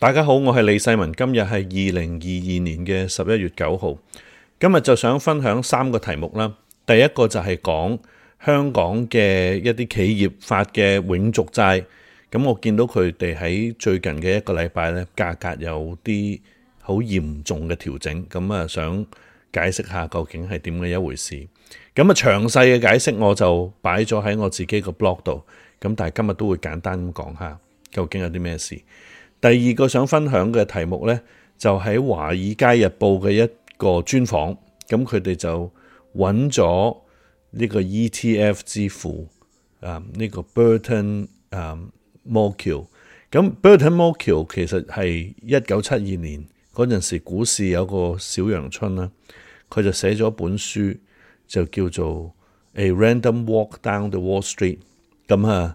大家好，我係李世民。今日係二零二二年嘅十一月九號，今日就想分享三個題目啦。第一個就係講香港嘅一啲企業發嘅永續債，咁我見到佢哋喺最近嘅一個禮拜呢，價格有啲好嚴重嘅調整，咁啊想解釋下究竟係點嘅一回事。咁啊詳細嘅解釋我就擺咗喺我自己個 blog 度，咁但係今日都會簡單咁講下究竟有啲咩事。第二個想分享嘅題目呢，就喺、是《華爾街日報》嘅一個專訪，咁佢哋就揾咗呢個 ETF 之父啊，呢、這個 Burton、um, Malkiel 咁 Burton Malkiel 其實係一九七二年嗰陣時候股市有個小陽春啦，佢就寫咗本書，就叫做《A Random Walk Down the Wall Street》。咁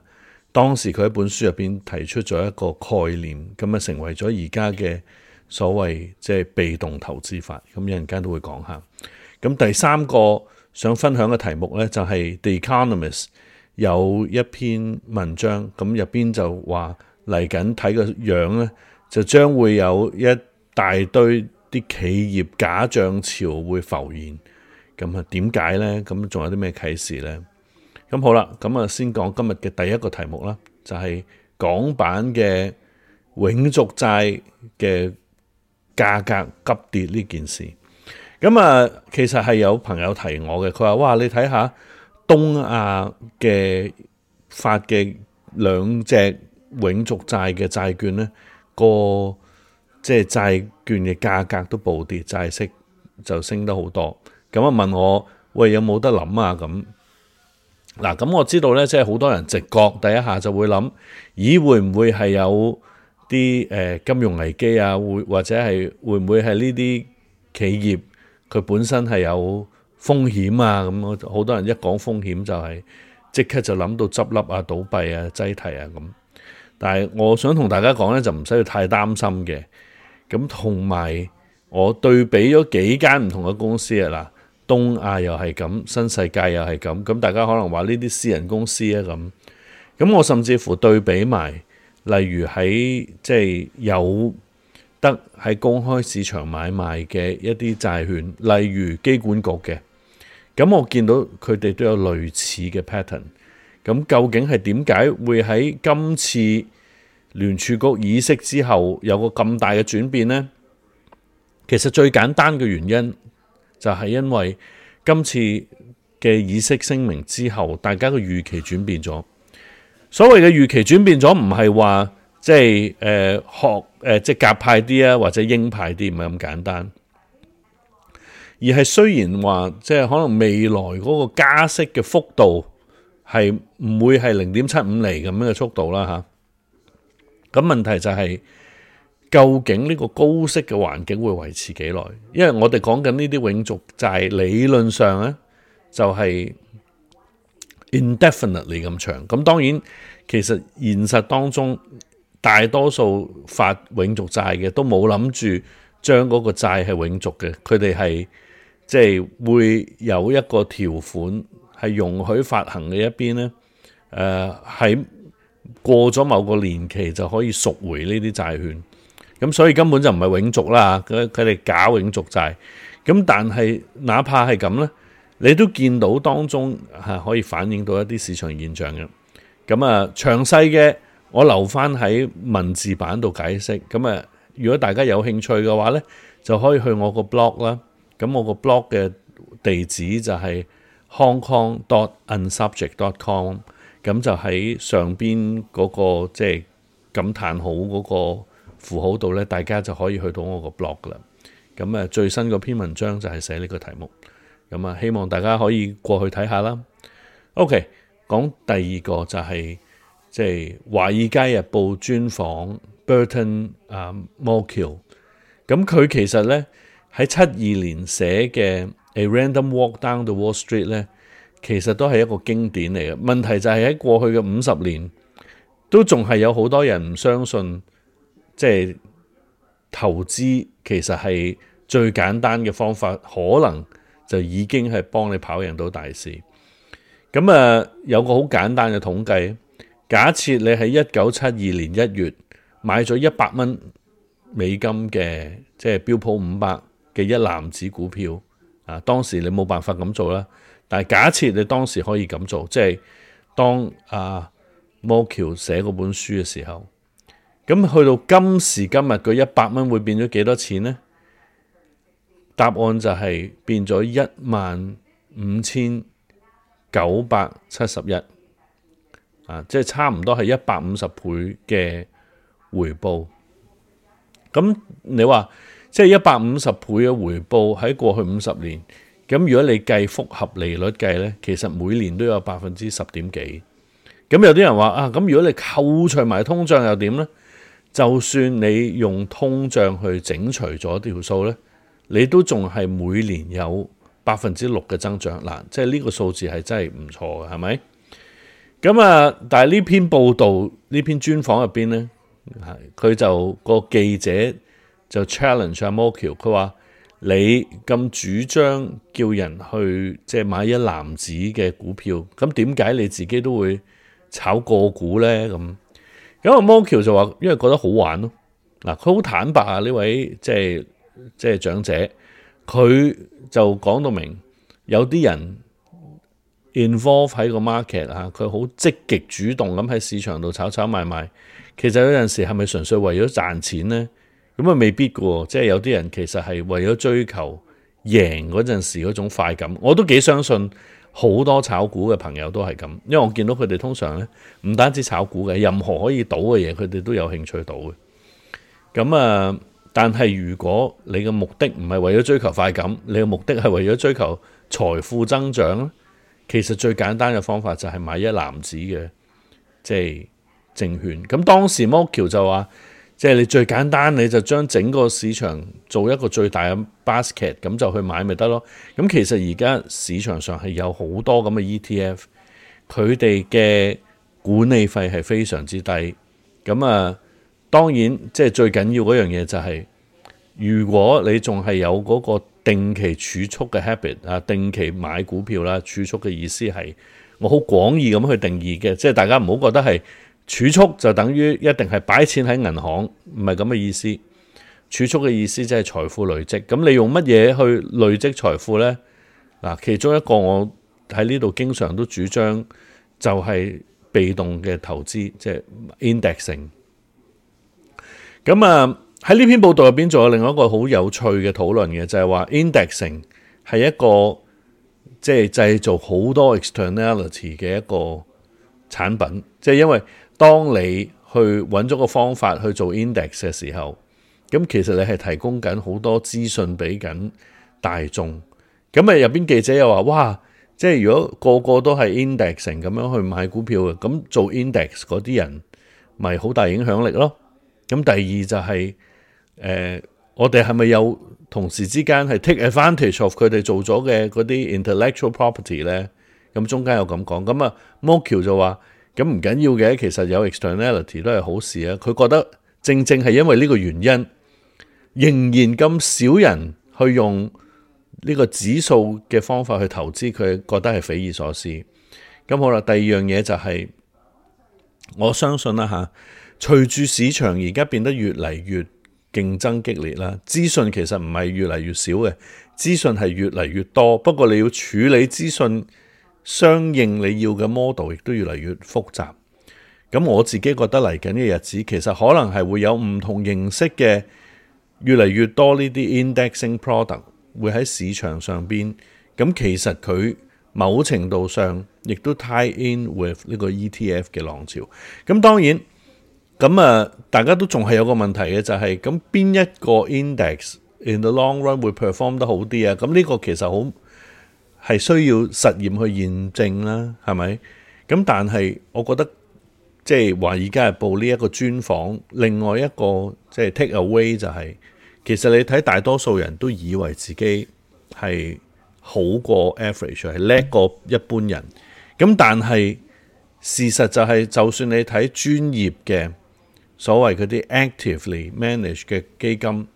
當時佢喺本書入邊提出咗一個概念，咁啊成為咗而家嘅所謂即係被動投資法，咁有陣間都會講下。咁第三個想分享嘅題目呢，就係 The Economist 有一篇文章，咁入邊就話嚟緊睇個樣呢，就將會有一大堆啲企業假漲潮會浮現。咁啊點解呢？咁仲有啲咩啟示呢？咁好啦，咁啊，先講今日嘅第一個題目啦，就係港版嘅永續債嘅價格急跌呢件事。咁啊，其實係有朋友提我嘅，佢話：哇，你睇下東亞嘅發嘅兩隻永續債嘅債券呢，個即係債券嘅價格都暴跌，債息就升得好多。咁啊，問我喂，有冇得諗啊？咁嗱，咁我知道咧，即係好多人直覺第一下就會諗，咦，會唔會係有啲、呃、金融危機啊？會或者係會唔會係呢啲企業佢本身係有風險啊？咁好多人一講風險就係、是、即刻就諗到執笠啊、倒閉啊、擠提啊咁。但係我想同大家講咧，就唔使太擔心嘅。咁同埋我對比咗幾間唔同嘅公司啊，東亞又係咁，新世界又係咁，咁大家可能話呢啲私人公司啊咁，咁我甚至乎對比埋，例如喺即係有得喺公開市場買賣嘅一啲債券，例如機管局嘅，咁我見到佢哋都有類似嘅 pattern，咁究竟係點解會喺今次聯儲局議息之後有個咁大嘅轉變呢？其實最簡單嘅原因。就係因為今次嘅議息聲明之後，大家嘅預期轉變咗。所謂嘅預期轉變咗，唔係話即係誒、呃、學誒、呃、即係鴿派啲啊，或者鷹派啲，唔係咁簡單。而係雖然話即係可能未來嗰個加息嘅幅度係唔會係零點七五厘咁樣嘅速度啦嚇。咁、啊、問題就係、是。究竟呢個高息嘅環境會維持幾耐？因為我哋講緊呢啲永續債，理論上咧就係 indefinitely 咁長。咁當然其實現實當中大多數發永續債嘅都冇諗住將嗰個債係永續嘅。佢哋係即係會有一個條款係容許發行嘅一邊咧，誒、呃，喺過咗某個年期就可以贖回呢啲債券。咁所以根本就唔係永續啦，佢哋假永續債。咁但係哪怕係咁咧，你都見到當中係可以反映到一啲市場現象嘅。咁啊，詳細嘅我留翻喺文字版度解釋，咁啊，如果大家有興趣嘅話咧，就可以去我個 blog 啦。咁我個 blog 嘅地址就係 Hong Kong dot unsubject dot com。咁就喺上邊嗰個即係感嘆號嗰個。就是符號度咧，大家就可以去到我個 blog 啦。咁最新嗰篇文章就係寫呢個題目，咁啊，希望大家可以過去睇下啦。OK，講第二個就係即係華爾街日報專訪 Burton, uh, Malkiel。咁佢其實咧喺七二年寫嘅《A Random Walk Down the Wall Street》咧，其實都係一個經典嚟嘅。問題就係喺過去嘅五十年都仲係有好多人唔相信。即係投資，其實係最簡單嘅方法，可能就已經係幫你跑贏到大市。咁啊，有個好簡單嘅統計，假設你喺一九七二年一月買咗一百蚊美金嘅即係標普五百嘅一籃子股票啊，當時你冇辦法咁做啦。但係假設你當時可以咁做，即係當阿、啊、摩喬寫嗰本書嘅時候。咁去到今時今日，佢一百蚊會變咗幾多錢呢？答案就係變咗一萬五千九百七十一，即係差唔多係一百五十倍嘅回報。咁你話即係一百五十倍嘅回報喺過去五十年，咁如果你計複合利率計呢，其實每年都有百分之十點幾。咁有啲人話：「啊，咁如果你扣除埋通脹又點呢？」就算你用通脹去整除咗條數呢，你都仲係每年有百分之六嘅增長。嗱，即係呢個數字係真係唔錯嘅，係咪？咁啊，但係呢篇報導呢篇專訪入邊呢，佢就、個記者就 challenge 阿、啊、摩橋、ok，佢話：你咁主張叫人去即係、就是、買一籃子嘅股票，咁點解你自己都會炒個股呢？」咁因為摩橋就話，因為覺得好玩咯。嗱，佢好坦白啊！呢位即係即係長者，佢就講到明，有啲人 involve 喺個 market 啊，佢好積極主動咁喺市場度炒炒賣賣。」其實有陣時係咪純粹為咗賺錢呢？咁啊未必喎。即係有啲人其實係為咗追求贏嗰陣時嗰種快感。我都幾相信。好多炒股嘅朋友都係咁，因為我見到佢哋通常咧唔單止炒股嘅，任何可以賭嘅嘢佢哋都有興趣賭嘅。咁啊，但係如果你嘅目的唔係為咗追求快感，你嘅目的係為咗追求財富增長咧，其實最簡單嘅方法就係買一籃子嘅即係證券。咁、就是、當時摩橋就話。即係你最簡單，你就將整個市場做一個最大嘅 basket，咁就去買咪得咯。咁其實而家市場上係有好多咁嘅 ETF，佢哋嘅管理費係非常之低。咁啊，當然即係最緊要嗰樣嘢就係，如果你仲係有嗰個定期儲蓄嘅 habit 啊，定期買股票啦，儲蓄嘅意思係我好廣義咁去定義嘅，即係大家唔好覺得係。儲蓄就等於一定係擺錢喺銀行，唔係咁嘅意思。儲蓄嘅意思即係財富累積。咁你用乜嘢去累積財富呢？嗱，其中一個我喺呢度經常都主張就係被動嘅投資，即係 indexing。咁啊，喺呢篇報道入邊仲有另外一個好有趣嘅討論嘅，就係話 indexing 係一個即係製造好多 externalities 嘅一個產品，即係因為。當你去揾咗個方法去做 index 嘅時候，咁其實你係提供緊好多資訊俾緊大眾。咁啊入邊記者又話：哇，即係如果個個都係 index 成咁樣去買股票嘅，咁做 index 嗰啲人咪好大影響力咯。咁第二就係呃，我哋係咪有同事之間係 take advantage of 佢哋做咗嘅嗰啲 intellectual property 咧？咁中間又咁講，咁啊 Moku 就話。咁唔緊要嘅，其實有 externality 都係好事啊！佢覺得正正係因為呢個原因，仍然咁少人去用呢個指數嘅方法去投資，佢覺得係匪夷所思。咁好啦，第二樣嘢就係、是、我相信啦吓，隨住市場而家變得越嚟越競爭激烈啦，資訊其實唔係越嚟越少嘅，資訊係越嚟越多，不過你要處理資訊。相應你要嘅 model 亦都越嚟越複雜，咁我自己覺得嚟緊嘅日子其實可能係會有唔同形式嘅越嚟越多呢啲 indexing product 會喺市場上邊，咁其實佢某程度上亦都 tie in with 呢個 ETF 嘅浪潮。咁當然，咁啊大家都仲係有一個問題嘅，就係咁邊一個 index in the long run 會 perform 得好啲啊？咁呢個其實好。係需要實驗去驗證啦，係咪咁？但係我覺得即係話，而家華爾街日報呢一個專訪，另外一個即係 take away 就係其實你睇大多數人都以為自己係好過 average 係叻過一般人咁，但係事實就係，就算你睇專業嘅所謂嗰啲 actively managed 嘅基金，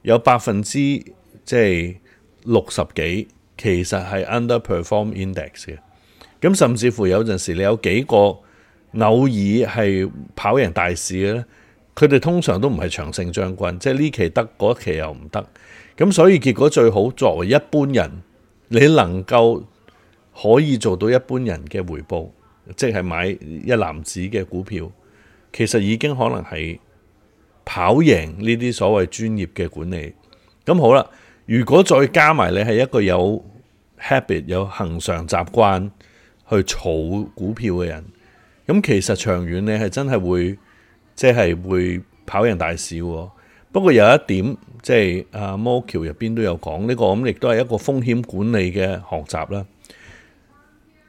有百分之即係六十幾。其實係 underperform index 嘅，咁甚至乎有陣時你有幾個偶爾係跑贏大市嘅咧，佢哋通常都唔係長勝將軍，即係呢期得嗰期又唔得，咁所以結果最好作為一般人，你能夠可以做到一般人嘅回報，即係買一籃子嘅股票，其實已經可能係跑贏呢啲所謂專業嘅管理。咁好啦。如果再加埋你係一個有 habit 有恒常習慣去儲股票嘅人，咁其實長遠你係真係會，即係會跑贏大市。不過有一點，即係阿摩橋入邊都有講呢個，咁亦都係一個風險管理嘅學習啦。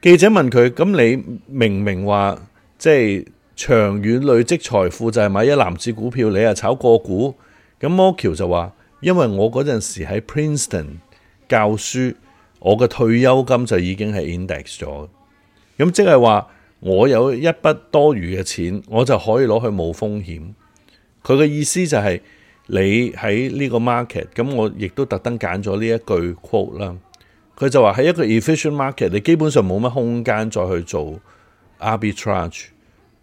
記者問佢：咁你明明話即係長遠累積財富就係買一籃子股票，你又炒個股，咁摩橋就話。因為我嗰陣時喺 Princeton 教書，我嘅退休金就已經係 index 咗，咁即係話我有一筆多餘嘅錢，我就可以攞去冒風險。佢嘅意思就係、是、你喺呢個 market，咁我亦都特登揀咗呢一句 quote 啦。佢就話喺一個 efficient market，你基本上冇乜空間再去做 arbitrage，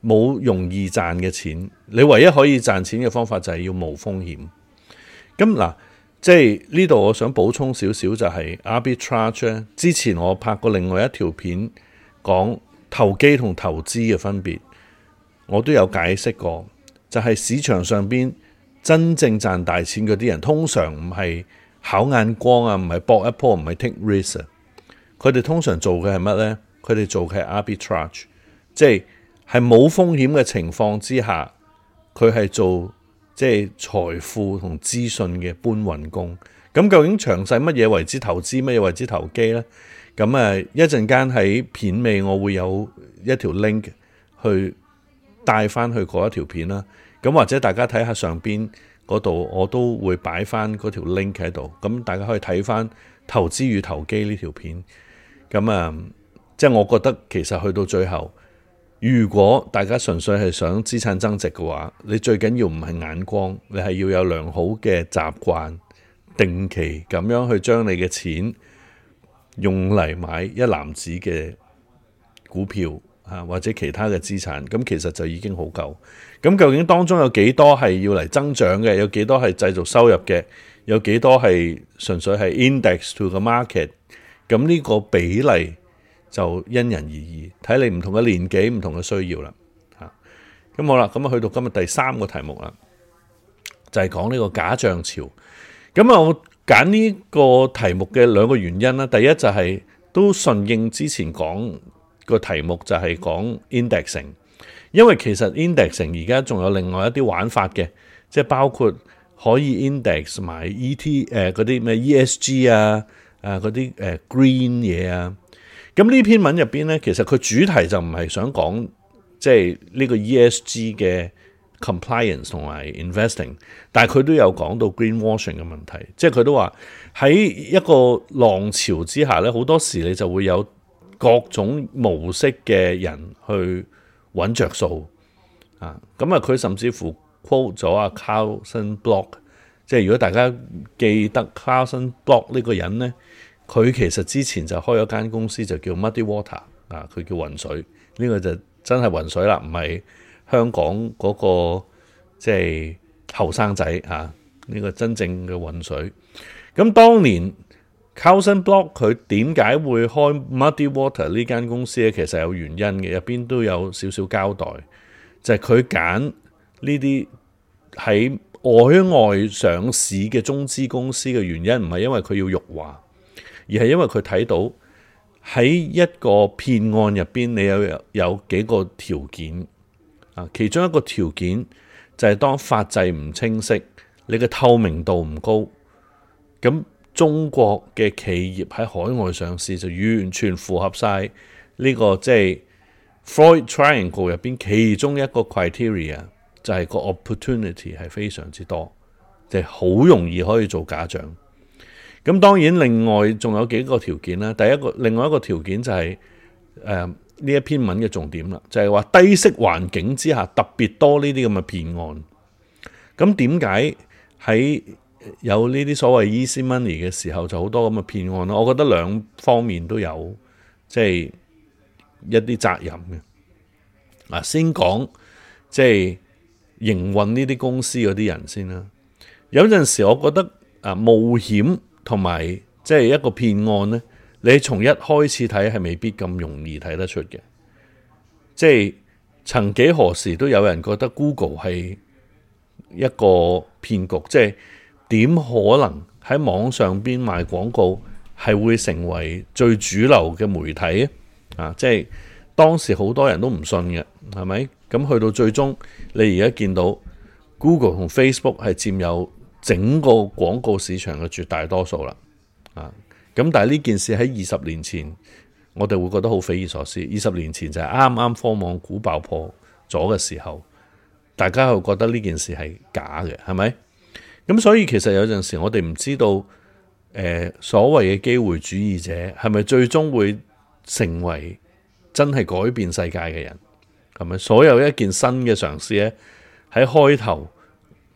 冇容易賺嘅錢。你唯一可以賺錢嘅方法就係要冒風險。咁嗱，即係呢度我想補充少少就係 arbitrage 咧。Ar rage，之前我拍過另外一條片講投機同投資嘅分別，我都有解釋過。就係、是、市場上邊真正賺大錢嗰啲人，通常唔係考眼光啊，唔係搏一鋪，唔係 take risk。佢哋通常做嘅係乜咧？佢哋做嘅係 arbitrage，即係係冇風險嘅情況之下，佢係做。即係財富同資訊嘅搬運工，咁究竟詳細乜嘢為之投資，乜嘢為之投機呢？咁啊，一陣間喺片尾我會有一條 link 去帶翻去嗰一條片啦。咁或者大家睇下上邊嗰度，我都會擺翻嗰條 link 喺度，咁大家可以睇翻投資與投機呢條片。咁啊，即係我覺得其實去到最後。如果大家純粹係想資產增值嘅話，你最緊要唔係眼光，你係要有良好嘅習慣，定期咁樣去將你嘅錢用嚟買一籃子嘅股票啊，或者其他嘅資產，咁其實就已經好夠。咁究竟當中有幾多係要嚟增長嘅，有幾多係製造收入嘅，有幾多係純粹係 index to the market，咁呢個比例，就因人而異，睇你唔同嘅年紀，唔同嘅需要啦。咁好啦，咁啊去到今日第三個題目啦，就係講呢個假象潮。咁啊，我揀呢個題目嘅兩個原因啦。第一就係都順應之前講個題目，就係講 indexing，因為其實 indexing 而家仲有另外一啲玩法嘅，即係包括可以 index 埋 E.T. 嗰啲咩 E.S.G. 啊嗰啲 green 嘢啊。咁呢篇文入面咧，其實佢主題就唔係想講即係呢個 ESG 嘅 compliance 同埋 investing，但係佢都有講到 greenwashing 嘅問題，即係佢都話喺一個浪潮之下咧，好多時你就會有各種模式嘅人去揾着數啊。咁啊，佢甚至乎 quote 咗阿 Carlson Block，即係如果大家記得 Carlson Block 呢個人咧。佢其實之前就開咗間公司，就叫 Muddy Water 啊，佢叫渾水，呢個就真係渾水啦，唔係香港嗰個即係後生仔啊，呢個真正嘅渾水。咁當年 Carlson Block 佢點解會開 Muddy Water 呢間公司咧？其實有原因嘅，入邊都有少少交代，就係佢揀呢啲喺海外上市嘅中資公司嘅原因，唔係因為佢要辱華。而係因為佢睇到喺一個騙案入邊，你有有幾個條件啊？其中一個條件就係當法制唔清晰，你嘅透明度唔高，咁中國嘅企業喺海外上市就完全符合晒呢、這個即係、就是、Fraud Triangle 入邊其中一個 criteria，就係個 opportunity 係非常之多，即係好容易可以做假帳。咁當然，另外仲有幾個條件啦。第一個，另外一個條件就係誒呢一篇文嘅重點啦，就係話低息環境之下特別多呢啲咁嘅騙案。咁點解喺有呢啲所謂 Easy Money 嘅時候就好多咁嘅騙案呢？我覺得兩方面都有，即係一啲責任嘅。先講即係營運呢啲公司嗰啲人先啦。有陣時，我覺得啊冒險。同埋即係一個騙案咧，你從一開始睇係未必咁容易睇得出嘅。即係曾幾何時都有人覺得 Google 係一個騙局，即係點可能喺網上邊賣廣告係會成為最主流嘅媒體啊？即係當時好多人都唔信嘅，係咪？咁去到最終，你而家見到 Google 同 Facebook 係佔有。整個廣告市場嘅絕大多數啦，啊咁，但係呢件事喺二十年前，我哋會覺得好匪夷所思。二十年前就係啱啱科網股爆破咗嘅時候，大家又覺得呢件事係假嘅，係咪？咁所以其實有陣時我哋唔知道，呃、所謂嘅機會主義者係咪最終會成為真係改變世界嘅人？係咪？所有一件新嘅嘗試咧，喺開頭。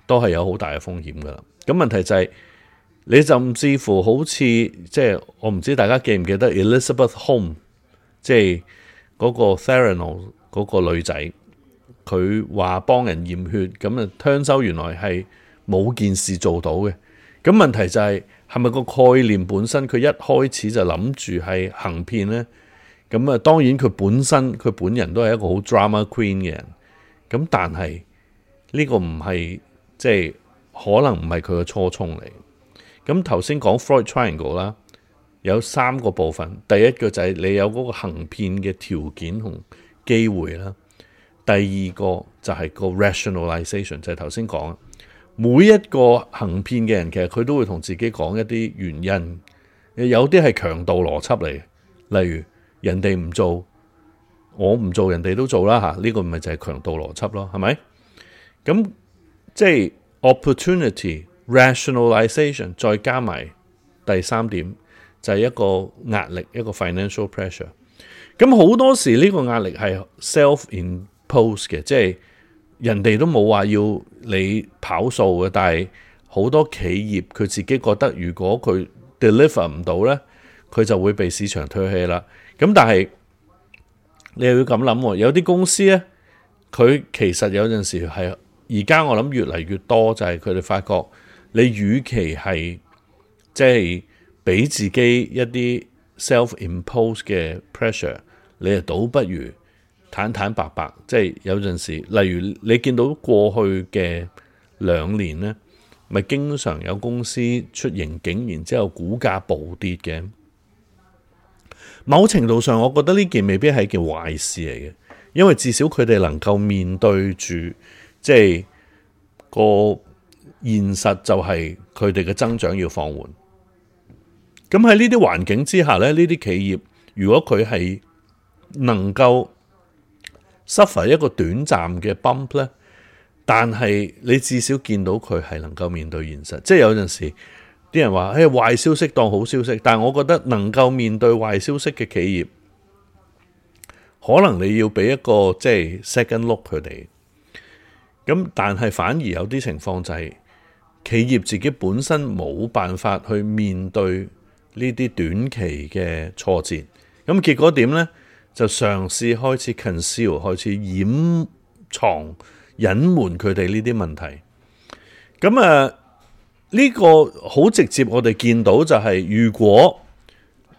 都係有好大嘅風險㗎啦。咁問題就係、是、你甚至乎好似即係我唔知大家記唔記得 Elizabeth Holmes，即係嗰個 Theranos 嗰個女仔，佢話幫人驗血，咁啊聽收原來係冇件事做到嘅。咁問題就係係咪個概念本身佢一開始就諗住係行騙呢？咁啊，當然佢本身佢本人都係一個好 drama queen 嘅人，咁但係呢、呢個唔係。即係、就是、可能唔係佢嘅初衷嚟。咁頭先講 Floyd Triangle 啦，有三個部分。第一個就係你有嗰個行騙嘅條件同機會啦。第二個就係個 rationalization，就係頭先講，每一個行騙嘅人其實佢都會同自己講一啲原因。有啲係強盜邏輯嚟，例如人哋唔做，我唔做，人哋都做啦嚇。呢、這個咪就係強盜邏輯咯，係咪？咁即係 opportunity rationalization 再加埋第三點就係一個壓力，一個 financial pressure。咁好多時呢個壓力係 self impose 嘅，即係人哋都冇話要你跑數嘅，但係好多企業佢自己覺得如果佢 deliver 唔到呢，佢就會被市場推棄啦。咁但係你又要咁諗喎，有啲公司呢，佢其實有陣時係。而家我諗越嚟越多就，就係佢哋發覺，你與其係即係俾自己一啲 self-imposed 嘅 pressure，你啊倒不如坦坦白白。即係有陣時，例如你見到過去嘅兩年呢，咪經常有公司出盈警，然之後，股價暴跌嘅，某程度上，我覺得呢件未必係一件壞事嚟嘅，因為至少佢哋能夠面對住。即係個現實就係佢哋嘅增長要放緩。咁喺呢啲環境之下咧，呢啲企業如果佢係能夠 suffer 一個短暫嘅 bump 咧，但係你至少見到佢係能夠面對現實。即係有陣時啲人話：誒，壞消息當好消息。但係我覺得能夠面對壞消息嘅企業，可能你要俾一個即係 second look 佢哋。咁但係反而有啲情況就係企業自己本身冇辦法去面對呢啲短期嘅挫折，咁結果點呢？就嘗試開始 conceal，開始掩藏、隱瞞佢哋呢啲問題。咁啊，呢、這個好直接，我哋見到就係、是、如果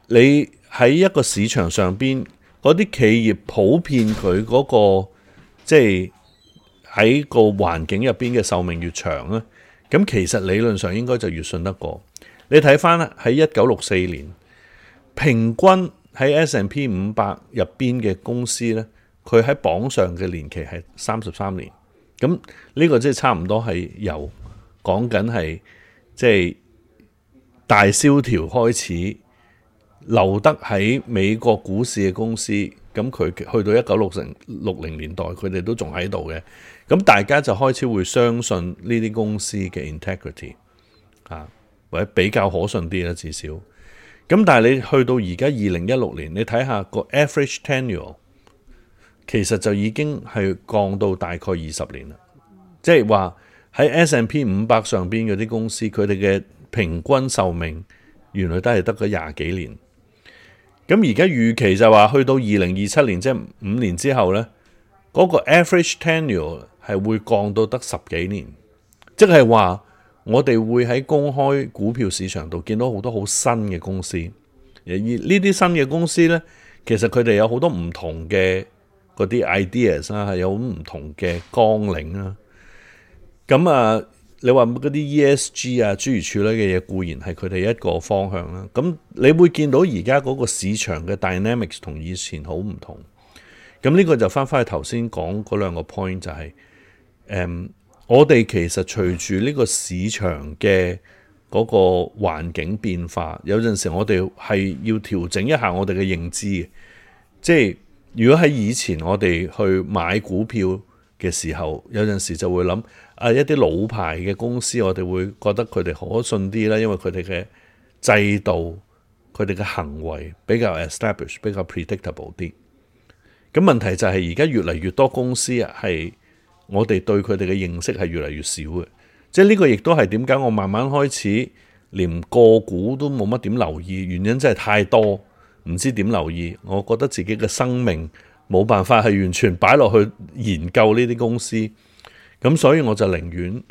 你喺一個市場上邊嗰啲企業普遍佢嗰、那個即係。就是喺個環境入邊嘅壽命越長咧，咁其實理論上應該就越信得過。你睇翻啦，喺一九六四年，平均喺 S&P 五百入邊嘅公司咧，佢喺榜上嘅年期係三十三年。咁呢、這個即係差唔多係由講緊係即係大蕭條開始留得喺美國股市嘅公司。咁佢去到一九六零六零年代，佢哋都仲喺度嘅。咁大家就開始會相信呢啲公司嘅 integrity 啊，或者比較可信啲啦，至少。咁但係你去到而家二零一六年，你睇下個 average tenure 其實就已經係降到大概二十年啦。即係話喺 S&P 五百上邊嗰啲公司，佢哋嘅平均壽命原來都係得個廿幾年。咁而家預期就話去到二零二七年，即係五年之後呢，嗰個 average tenure 係會降到得十幾年，即係話我哋會喺公開股票市場度見到好多好新嘅公司，而呢啲新嘅公司呢，其實佢哋有好多唔同嘅嗰啲 ideas 啊，有唔同嘅綱領啊，咁啊。你話嗰啲 ESG 啊、諸如此類嘅嘢，固然係佢哋一個方向啦。咁你會見到而家嗰個市場嘅 dynamics 同以前好唔同。咁呢個就翻返去頭先講嗰兩個 point，就係誒，我哋其實隨住呢個市場嘅嗰個環境變化，有陣時我哋係要調整一下我哋嘅認知，即係如果喺以前我哋去買股票嘅時候，有陣時就會諗。啊！一啲老牌嘅公司，我哋會覺得佢哋可信啲啦，因為佢哋嘅制度、佢哋嘅行為比較 establish、比較 predictable 啲。咁問題就係而家越嚟越多公司啊，係我哋對佢哋嘅認識，係越嚟越少嘅。即係呢個亦都係點解我慢慢開始連個股都冇乜點留意，原因真係太多，唔知點留意。我覺得自己嘅生命冇辦法係完全擺落去研究呢啲公司。咁所以我就寧願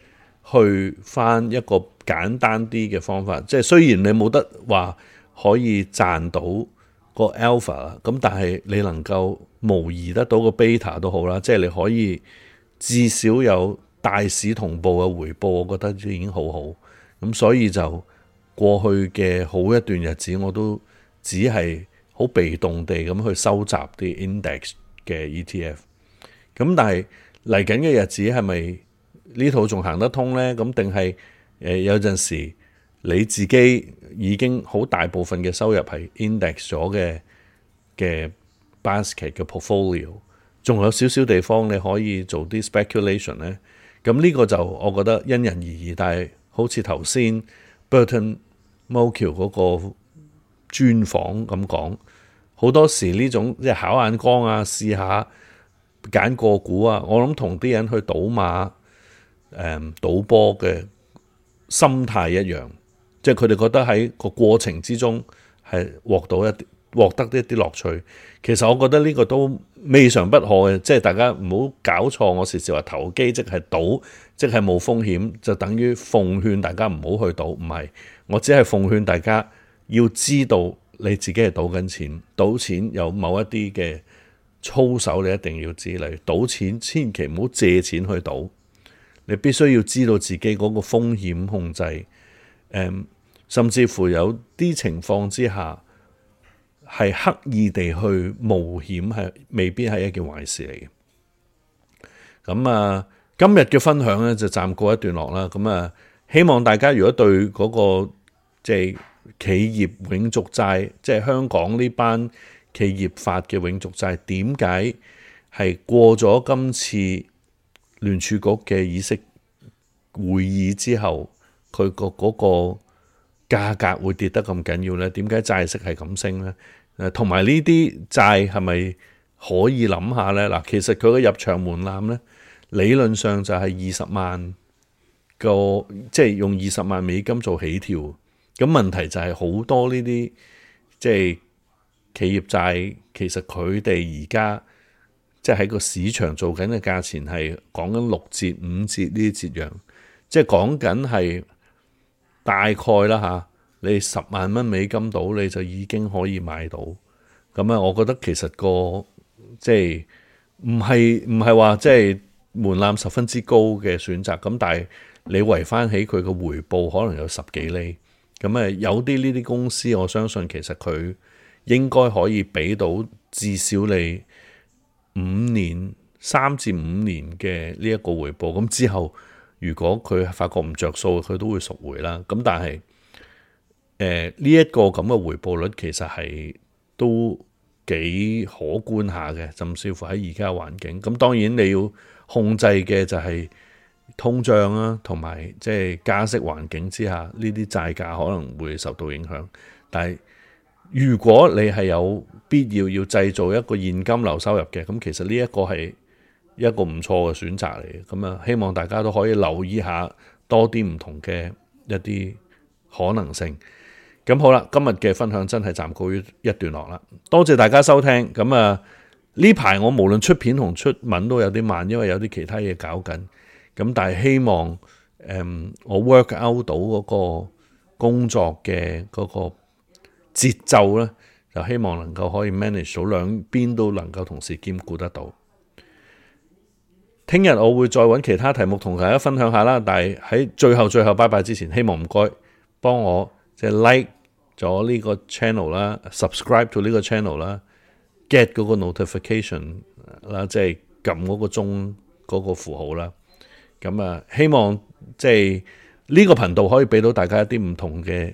去翻一個簡單啲嘅方法，即係雖然你冇得話可以賺到個 alpha，咁但係你能夠模擬得到個 beta 都好啦，即係你可以至少有大市同步嘅回報，我覺得已經好好。咁所以就過去嘅好一段日子，我都只係好被動地咁去收集啲 index 嘅 ETF，咁但係。嚟緊嘅日子係咪呢套仲行得通呢？咁定係有陣時你自己已經好大部分嘅收入係 index 咗嘅嘅 basket 嘅 portfolio，仲有少少地方你可以做啲 speculation 呢。咁呢個就我覺得因人而異。但係好似頭先 Burton Malkiel 嗰個專訪咁講，好多時呢種即係考眼光啊，試下。揀個股啊！我諗同啲人去賭馬、誒、嗯、賭波嘅心態一樣，即係佢哋覺得喺個過程之中係獲到一啲獲得一啲樂趣。其實我覺得呢個都未嘗不可嘅，即、就、係、是、大家唔好搞錯我。我時時話投機即係、就是、賭，即係冇風險，就等於奉勸大家唔好去賭。唔係，我只係奉勸大家要知道你自己係賭緊錢，賭錢有某一啲嘅操守你一定要知，例如賭錢千祈唔好借錢去賭，你必須要知道自己嗰個風險控制。甚至乎有啲情況之下係刻意地去冒險，係未必係一件壞事嚟嘅。咁啊，今日嘅分享呢，就暫告一段落啦。咁啊，希望大家如果對嗰個即係企業永續債，即係香港呢班。企業發嘅永續債點解係過咗今次聯儲局嘅議息會議之後，佢個嗰個價格會跌得咁緊要呢？點解債息係咁升呢？同埋呢啲債係咪可以諗下呢？嗱，其實佢嘅入場門檻呢，理論上就係二十萬個，即係用二十萬美金做起跳。咁問題就係好多呢啲即係。就是企業債其實佢哋而家即係喺個市場做緊嘅價錢係講緊六折、五折呢啲折讓，即係講緊係大概啦吓，你十萬蚊美金到你就已經可以買到，咁啊，我覺得其實個即係唔係唔係話即係門檻十分之高嘅選擇，咁但係你圍返起佢嘅回報可能有十幾厘。咁啊有啲呢啲公司我相信其實佢。應該可以俾到至少你五年三至五年嘅呢一個回報，咁之後如果佢發覺唔着數，佢都會贖回啦。咁但係誒呢一個噉嘅回報率其實係都幾可觀下嘅，甚至乎喺而家環境。咁當然你要控制嘅就係通脹啊，同埋即係加息環境之下，呢啲債價可能會受到影響，但係。如果你係有必要要製造一個現金流收入嘅，咁其實呢一個係一個唔錯嘅選擇嚟嘅。咁啊，希望大家都可以留意下多啲唔同嘅一啲可能性。咁好啦，今日嘅分享真係暫告一段落啦。多謝大家收聽。咁啊，呢排我無論出片同出文都有啲慢，因為有啲其他嘢搞緊。咁但係希望、嗯、我 work out 到嗰個工作嘅嗰個。節奏咧，就希望能夠可以 manage 到兩邊都能夠同時兼顧得到。聽日我會再揾其他題目同大家分享下啦。但係喺最後最後拜拜之前，希望唔該幫我即係 like 咗呢個 channel 啦，subscribe to 呢個 channel 啦，get 嗰個 notification 啦，啊，即係撳嗰個鐘嗰個符號啦。咁啊，希望即係呢、呢個頻道可以俾到大家一啲唔同嘅。